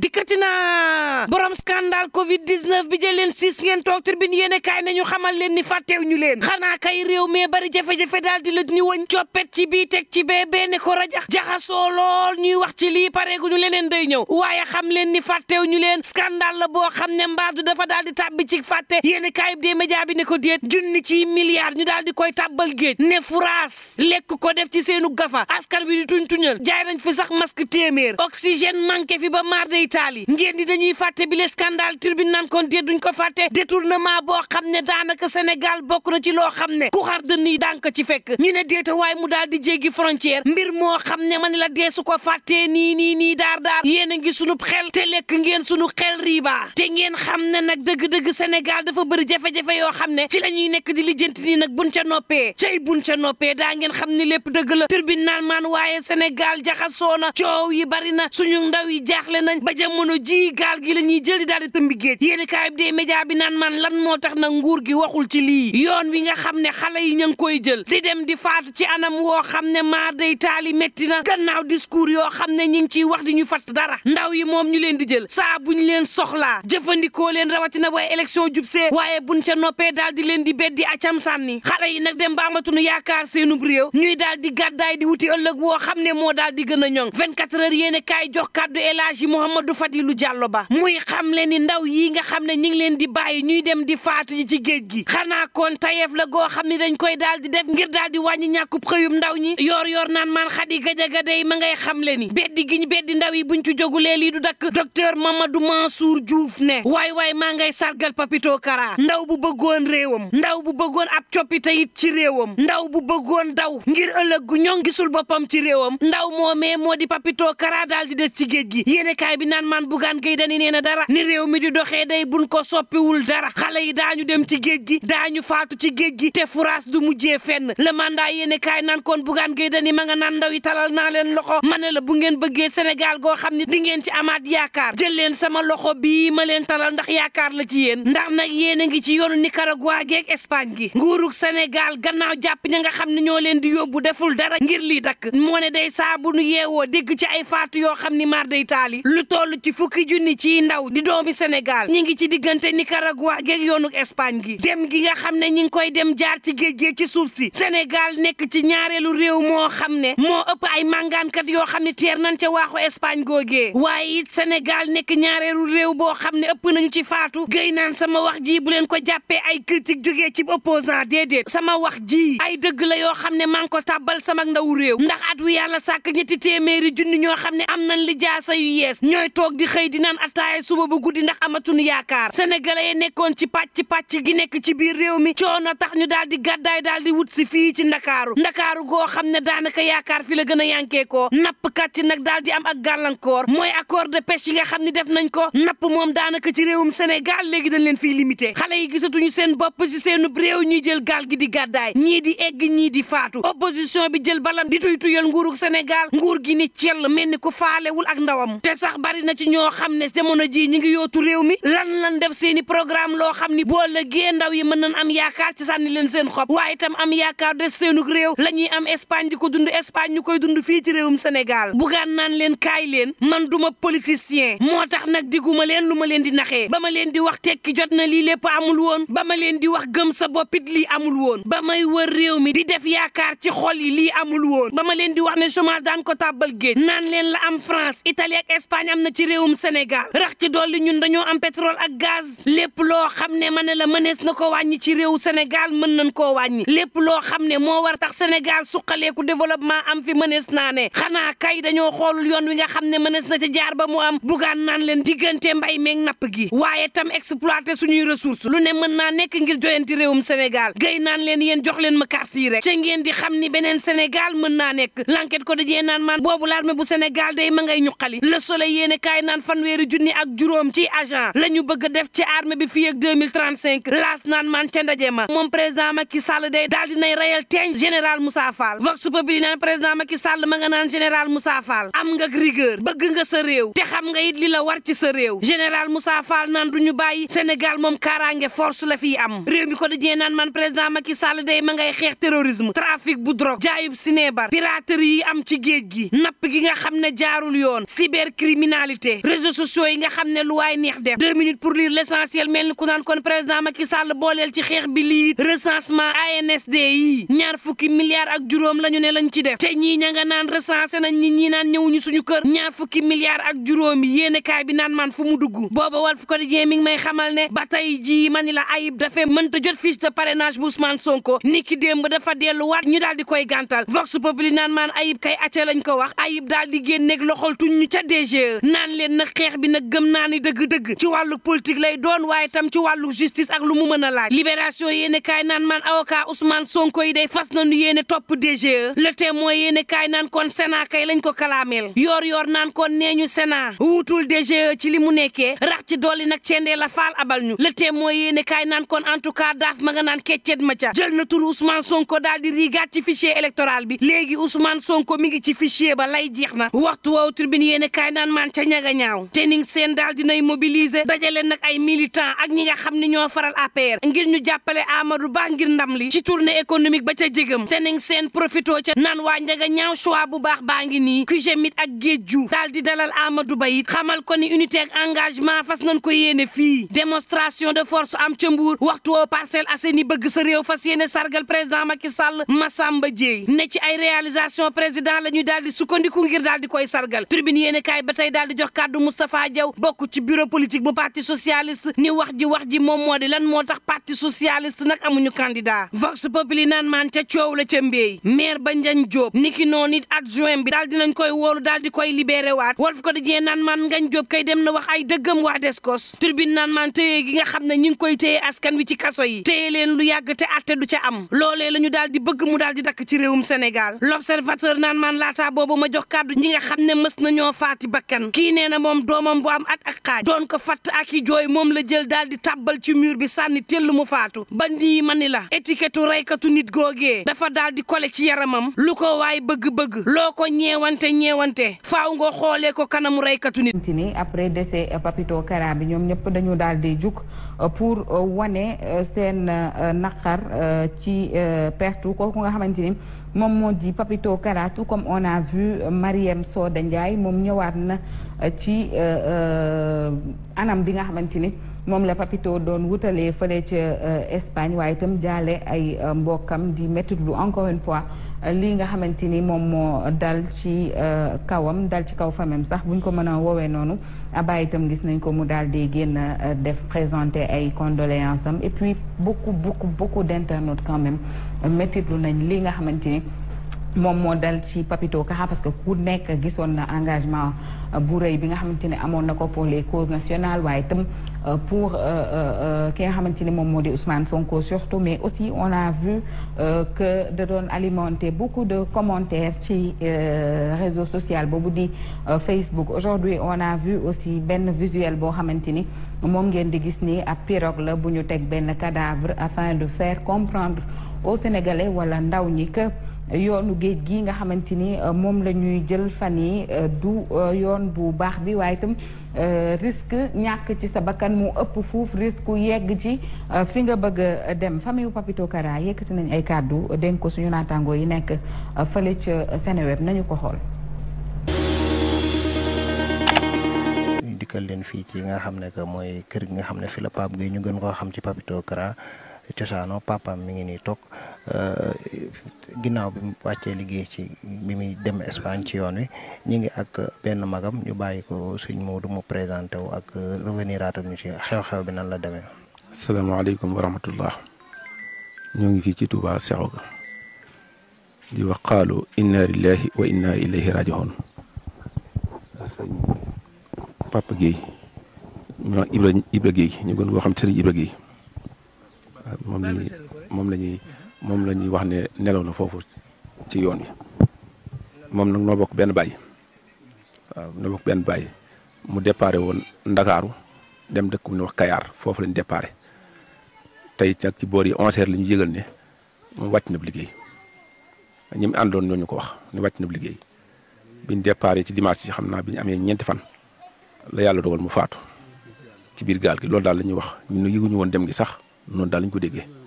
dikkati naa borom scandale covid 19 bi jël leen siis ngeen toog tribune yéen a kaay nañu xamal leen ni fàtteew ñu leen xanaa kay réew mee bari jafe-jafe daal di la ñu wëñ coppet ci bii teg ci bee benn ko rajax jaxasoo lool ñuy wax ci lii pareeguñu leneen day ñëw waaye xam leen ni fàtteew ñu leen scandale la boo xam ne mbaadu dafa daal di tàbbi ci fàtte yéen a kaay bi dee média bi ne ko déet junni ci milliards ñu daal di koy tàbbal géej ne furaas lekk ko def ci seenu gafa askan bi di tuñ tuñal jaay nañ fi sax masque téeméer oxygène manqué fi ba maar day Italie ngeen di dañuy fàtte bi le scandale turbine nan kon dee duñ ko fàtte détournement boo xam ne daanaka Sénégal bokk na ci loo xam ne ku xar dënn yi daan ci fekk ñu ne déeta waaye mu daal di jéggi frontière mbir moo xam ne man la dee ko fàttee nii nii nii daar daar yéen a ngi sunu xel te lekk ngeen sunu xel riibaa te ngeen xam ne nag dëgg-dëgg senegal dafa bëri jafe-jafe yoo xam ne ci la ñuy nekk di lijjanti nii nag buñ ca noppee cay bun ca noppee daa ngeen xam ne lépp dëgg la turbine naan maan waaye Sénégal jaxasoo na coow yi bari na suñu ndaw yi jaaxle nañ jamono ji gaal gi la ñuy jël di daal di tëmbi yéen kaay bi dee média bi naan man lan moo tax nag nguur gi waxul ci lii yoon wi nga xam ne xale yi ña koy jël di dem di faatu ci anam woo xam ne maar day taali metti na gannaaw discours yoo xam ne ñi ngi ciy wax di ñu fatt dara ndaw yi moom ñu leen di jël saa bu ñu leen soxlaa jëfandikoo leen rawatina booy élection jubsee waaye buñ ca noppee daal di leen di beddi a sànni xale yi nag dem baamatunu yaakaar seenub réew ñuy daal di gàddaay di wuti ëllëg woo xam ne moo daal di gën a ñoŋ 24 heures yéen kaay jox kàddu El Amadou Fadilou Diallo ba muy xamle ni ndaw yi nga xam ne ñu ngi leen di bàyyi ñuy dem di faatu ci géej gi xanaa kon tayeef la goo xam ne dañ koy daal di def ngir daal di wàññi ñàkkub xëyum ndaw ñi yor yoor man maan xadi gajaga day ma ngay xamle ni beddi gi ñu beddi ndaw yi buñ ci jógulee lii du dakk docteur Mamadou Mansour Diouf ne waay waay maa ngay sargal Papito Kara ndaw bu bëggoon réewam ndaw bu bëggoon ab coppite it ci réewam ndaw bu bëggoon daw ngir ëllëg gu ñoo gisul boppam ci réewam ndaw moomee moo di Papito Kara daal géej gi naan maan Bougane Gueye Dany nee na dara ni réew mi di doxee day buñ ko soppiwul dara xale yi daañu dem ci géej gi daañu faatu ci géej gi te furaas du mujjee fenn le mandat yéene kaay naan kon Bougane Gueye Dany ma nga naan ndaw yi talal naa leen loxo ma ne la bu ngeen bëggee Sénégal goo xam ne di ngeen ci amaat yaakaar jël leen sama loxo bii ma leen talal ndax yaakaar la ci yéen ndax nag yéen a ngi ci yoonu Nicaragua geeg Espagne gi nguurug Sénégal gannaaw jàpp ña nga xam ne ñoo leen di yóbbu deful dara ngir lii dakk moo ne day saa yeewoo dégg ci ay faatu yoo xam ni mar toll ci fukki junni ci ndaw di doomi Sénégal ñi ngi ci diggante Nicaragua geeg yoonu Espagne gi dem gi nga xam ne ñi ngi koy dem jaar ci géej gi ci suuf si Sénégal nekk ci ñaareelu réew moo xam ne moo ëpp ay màngaankat yoo xam ne teer nañ ca waaxu Espagne googee waaye it Sénégal nekk ñaareelu réew boo xam ne ëpp nañu ci faatu géy naan sama wax ji bu leen ko jàppee ay critique jógee ci opposant déedéet sama wax ji ay dëgg la yoo xam ne maa ngi ko tàbbal sama ndaw réew ndax at wi yàlla sàkk ñetti ñoo xam ne am nañ li jaasa yu toog di xëy di naan ataaya suba bu guddi ndax amatuñu yaakaar sénégalais yi nekkoon ci pàcc pàcc gi nekk ci biir réew mi coono tax ñu daal di gàddaay daal di wut si fii ci ndakaaru ndakaaru goo xam ne daanaka yaakaar fi la gën a yankeekoo nappkat yi nag daal di am ak gàllankoor mooy accord de pêche yi nga xam ne def nañ ko napp moom daanaka ci réewum senegal léegi dañ leen fiy limité xale yi gisatuñu seen bopp si seenub réew ñu jël gal gi di gàddaay ñii di egg ñii di faatu opposition bi jël balam di tuy tuyal nguurug sénégal gi ni cell mel ni ku faalewul ak bari na ci ñoo xam ne jamono jii ñi ngi yootu réew mi lan lan def seeni programme loo xam ni boo la gée ndaw yi mën nañ am yaakaar ci sànni leen seen xob waaye itam am yaakaar des seenug réew la ñuy am Espagne di ko dund Espagne ñu koy dund fii ci réew réewum Sénégal bugaan naan leen kaay leen man duma politicien moo tax nag diguma leen lu ma leen di naxee ba ma leen di wax tekki jot na lii lépp amul woon ba ma leen di wax gëm sa boppit lii amul woon ba may wër réew mi di def yaakaar ci xol yi lii amul woon ba leen di wax ne chômage daan ko leen la am France Italie na ci réewum Sénégal rax ci dolli ñun dañoo am pétrole ak gaz lépp loo xam ne ma ne la mënees na ko wàññi ci réew Sénégal mën nañ koo wàññi lépp loo xam ne moo war tax Sénégal suqaleeku développement am fi mënees naa ne xanaa kay dañoo xoolul yoon wi nga xam ne mënees na ci jaar ba mu am bugaan naan leen diggante mbay meeg napp gi waaye tam exploité suñuy ressources lu ne mën naa nekk ngir joyanti réewum Sénégal gay naan leen yéen joxleen ma carte yi rek te ngeen di xam ni beneen Sénégal mën naa nekk l'enquête ko dajee naan maan boobu l'armée bu Sénégal day ma ngay ñuqali le soleil yéene kaay naan fan weeri junni ak juróom ci agent la ñu bëgg def ci armée bi fii ak 2035 laas naan man ca ndaje ma moom président Macky Sall day daal dinay rayal teeñ général Moussa Fall vox populi naan président Macky Sall ma nga naan général Moussa Fall am nga rigueur bëgg nga sa réew te xam nga it li la war ci sa réew général Moussa Fall naan du ñu bàyyi Sénégal moom kaaraange force la fii am réew mi ko dajee naan man président Macky Sall day ma ngay xeex terrorisme trafic bu drogue jaayub sinébar piraterie yi am ci géej gi napp gi nga xam ne jaarul yoon cybercriminalité réalité réseaux sociaux yi nga xam ne lu waay neex def deux minutes pour lire l' essentiel mel ni ku naan kon président Macky Sall booleel ci xeex bi lii recensement ANSD yi ñaar fukki milliards ak juróom la ñu ne lañ ci def te ñii ña nga naan recensé nañ ñi ñii naan ñëwuñu suñu kër ñaar fukki milliards ak juróom yi bi naan man fu mu dugg booba Walf Quotidien mi ngi may xamal ne ba tey mani la ayib dafee mënta jot fiche de parrainage bu Ousmane Sonko ni ki démb dafa delluwaat koy gàntal vox populi naan maan ko wax ayib daal di génneeg naan leen na xeex bi nag gëm naa ni dëgg-dëgg ci wàllu politique lay doon waaye tam ci wàllu justice ak lu mu mën a laaj libération yéene kaay naan man avocat Ousmane Sonko yi day fas nañu yéene topp DGE le témoin yéene kaay naan kon Sénat kay lañ ko kalaameel yoor yoor naan kon nee ñu sena wuutul DGE ci li mu nekkee rax ci dolli nag cendee la faal abal ñu le témoin yéene kaay naan kon en tout cas daaf ma nga naan keccet ma ca jël na turu Ousmane Sonko daal di riigaat ci fichier électoral bi léegi Ousmane Sonko mi ngi ci fichier ba lay jeex na waxtu woowu tribune yéene kaay ca ñaga ñaaw te ning seen daal dinay mobiliser dajale nag ay militant ak ñi nga xam ne ñoo faral APR ngir ñu jàppale Amadou Ba ngir ndam li ci tournée économique ba ca jégam te ning seen profito ca naan waa ñaga ñaaw choix bu baax baa ngi nii kujemit ak géej juuf daal di dalal Amadou Ba it xamal ko ni unité ak engagement fas nañ ko yéene fii démonstration de force am ca Mbour waxtu woo Parcelles Assainies bëgg sa réew fas yéene sargal président Macky Sall Massamba Dieye ne ci ay réalisation président la ñu daal di sukkandiku ngir daal di koy sargal tribune yéene kaay ba tey daal di jox kaddu Moustapha Diaw bokku ci bureau politique bu parti socialiste ni wax ji wax ji moom moo di lan moo tax parti socialiste nag amuñu candidat Vox Populi naan maan ca coow la ca mbéy maire ba Ndiagne Diop niki noonu it adjoint bi daal dinañ koy woolu daal di koy libéré waat Walf Quotidien naan maan Ngagne Diop kay dem na wax ay dëggam waa Descos Tribune naan maan téye gi nga xam ne ñu ngi koy téye askan wi ci kaso yi téye leen lu yàgg te atte du ca am loole la ñu daal di bëgg mu daal di dakk ci réewum Sénégal l'observateur naan maan laataa boobu ma jox kàddu ñi nga xam ne mës nañoo faati bakkan kii nee na moom doomam bu am at ak xaaj doon ko fatt ak i jooy moom la jël daal di tàbbal ci mur bi sànni tell mu faatu ba nii ma ni la étiquette reykatu nit googee dafa daal di kole ci yaramam lu ko waay bëgg-bëgg loo ko ñeewante ñeewante faaw nga xoolee ko kanamu reykatu nit. après décès euh, Papito Kara bi ñoom ñëpp dañu daal di jug pour euh, wane euh, seen euh, naqar ci pertu kooku nga xamante ni moom moo di Papito Kara comme on a vu Mariam Soda Ndiaye moom ñëwaat na ci anam bi nga xamante ni moom la Papito doon wutalee fële ca Espagne waaye itam jaale ay mbokkam di méttit lu encore une fois lii nga xamante ni moom moo dal ci euh, kawam dal ci kaw famem sax buñ ko mën a woowee noonu Abba itam gis nañ ko mu daal di génn euh, def présenter ay condoléances am et puis beaucoup beaucoup beaucoup d'internautes quand même métitlu nañ lii nga xamante ni moom moo dal ci Papito Kara parce que ku nekk gisoon na engagement bu rëy bi nga xamante ne amoon na ko pour les causes nationales waaye itam euh, pour euh, euh, ki nga xamante ne moom moo di Ousmane Sonko surtout mais aussi on a vu que da doon alimenter beaucoup de commentaires ci réseau social boobu di Facebook aujourd'hui on a vu aussi benn visuel boo xamante ni moom ngeen di gis ni ab pirogue la bu ñu teg benn cadavre afin de faire comprendre aux Sénégalais wala ndaw ñi que yoonu géej gi nga xamante ni euh, moom la ñuy jël fan yi euh, du euh, yoon bu baax bi waaye itam risque ñàkk ci sa bakkan mu ëpp fuuf risque yegg ci fi nga bëgg dem famille Papito Kara yëkkati nañ ay kàddu dénk ko suñu naataangoo yi nekk fële ca Seneweb nañu ko xool. dikkal leen fii ci nga xam ne mooy kër gi nga xam ne fi la Pape ñu gën koo xam ci Papito Kara. cosaanoo papaam mi ngi nii toog euh, ginnaaw bi mu wàccee liggéey ci bi muy dem Espagne ci yoon wi ñu ngi ak benn magam ñu bàyyi ko sëñ Moodu mu présenté wu ak euh, revenir aatam ñu ci xew-xew bi nan la demee. asalaamaaleykum wa rahmatullah ñoo ngi fii ci tuuba Seexu ga di wax qaalu inna lillahi wa inna ilayhi rajiun sëñ Papa Guèye Ibra Ibra Guèye ñu gën koo xam sëriñ Ibra Guèye moom la ñuy moom la ñuy mhm. moom la wax ne nelaw na foofu ci yoon wi moom nag noo bokk benn bàyyi waaw noo bokk benn bàyyi mu déparé woon Ndakaaru dem dëkk bu ñuy wax Kayaar foofu lañu déparé tey nag ci boor yi onze heures la ñu yëgal ne moom wàcc na liggéey ñi mu àndoon ñoo ñu ko wax ne wàcc na bu liggéey biñ déparé ci dimanche ci xam naa bi ñu amee ñeenti fan la yàlla dogal mu faatu ci biir gaal gi loolu daal la ñuy wax ñu yëguñu woon dem gi sax. noonu daal lañ ko